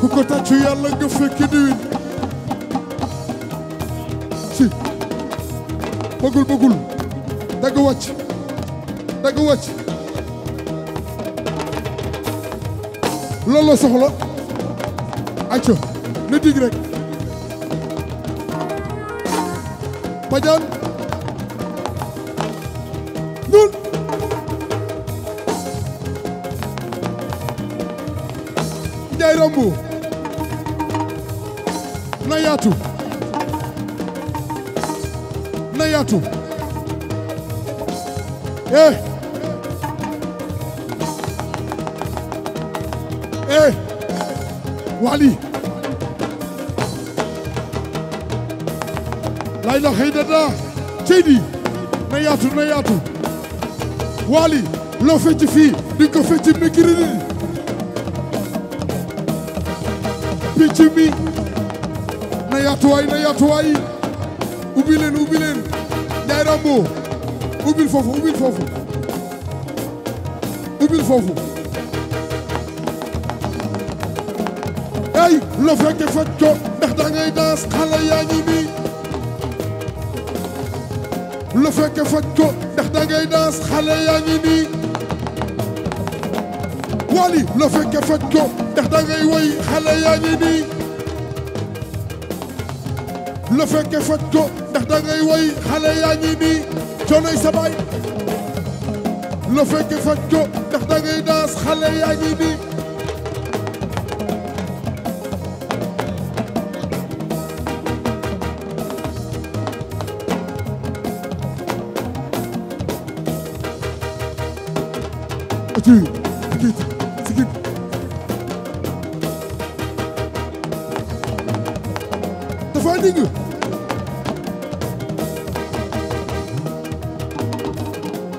ku ko tàccu yàlla nga fekki diwin si bëggul bëggul dagg wàcc dagg wàcc loolu soxla acca na dig Badiane ñun Ndiaye romb na yaatu na yaatu eh, eh. lay na xëy na daa Seydi na yaatu na yaatu fii di ko fecc Mikiriri picc mi na yaatuwaay na yaatuwaay ubbi leen foofu ubbil foofu ubbil foofu ey loo fekk fekk ko ndax daas xale yaa lu fekke faj ko ndax da ngay xale yaa ngi nii wali lu fekke faj ko ndax da woy xale yaa ngi nii lu fekke faj fekke faj ko ndax da ngay xale yaa ngi nii Atıyor. Sikit. Sikit. Dafa dégg.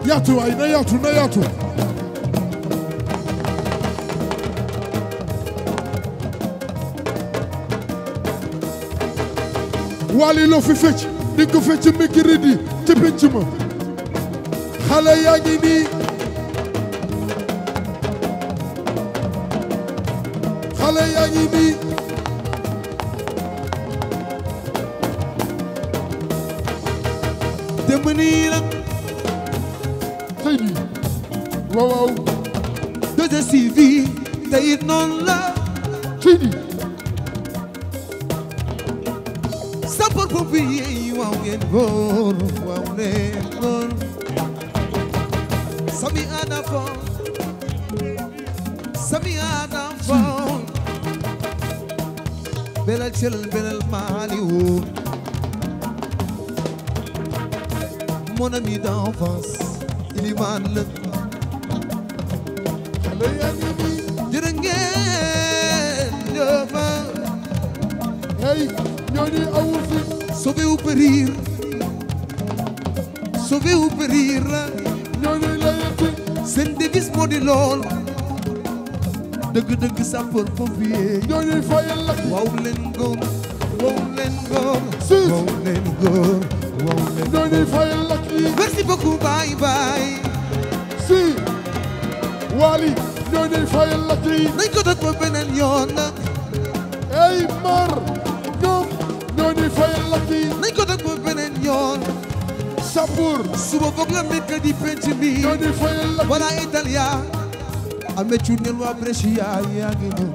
Yaatu waay na yaatu na yaatu. Wally loo fi fecc di ko ci penc ma xale yaa ngi nii xale yaa ngi nii la xëy na waaw waaw dëgg si leen noonu sami ana بلا الجل بلا المعالي Mon ami d'enfance il est malade xale yaa ngi nii jërë ngeen jëfa hey ñooñu awul fi sauver ou périr sauver ou périr ñooñu la yëpp seen devise lool dëgg dëgg sapeur pompier ñoo ñuy fayal la waaw leen góor waaw leen góor siis waaw leen ba beneen yoon ey mar ba beneen yoon sapeur suba foog la mbir ka di penc mi ñoo la wala Italia amee cuuneel waa Brescia yaa ngi ñëw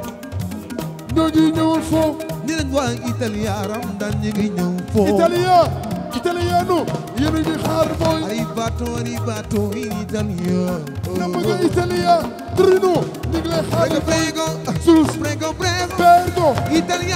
ñooñu ñëwal foo ni leen waa Italia Ramadan ñi ngi ñëw foo Italia Italiano yéen a ngi xaar mooy arrivato arrivato in Italia na bëgg Italia Torino ñi ngi lay xaar prego prego prego prego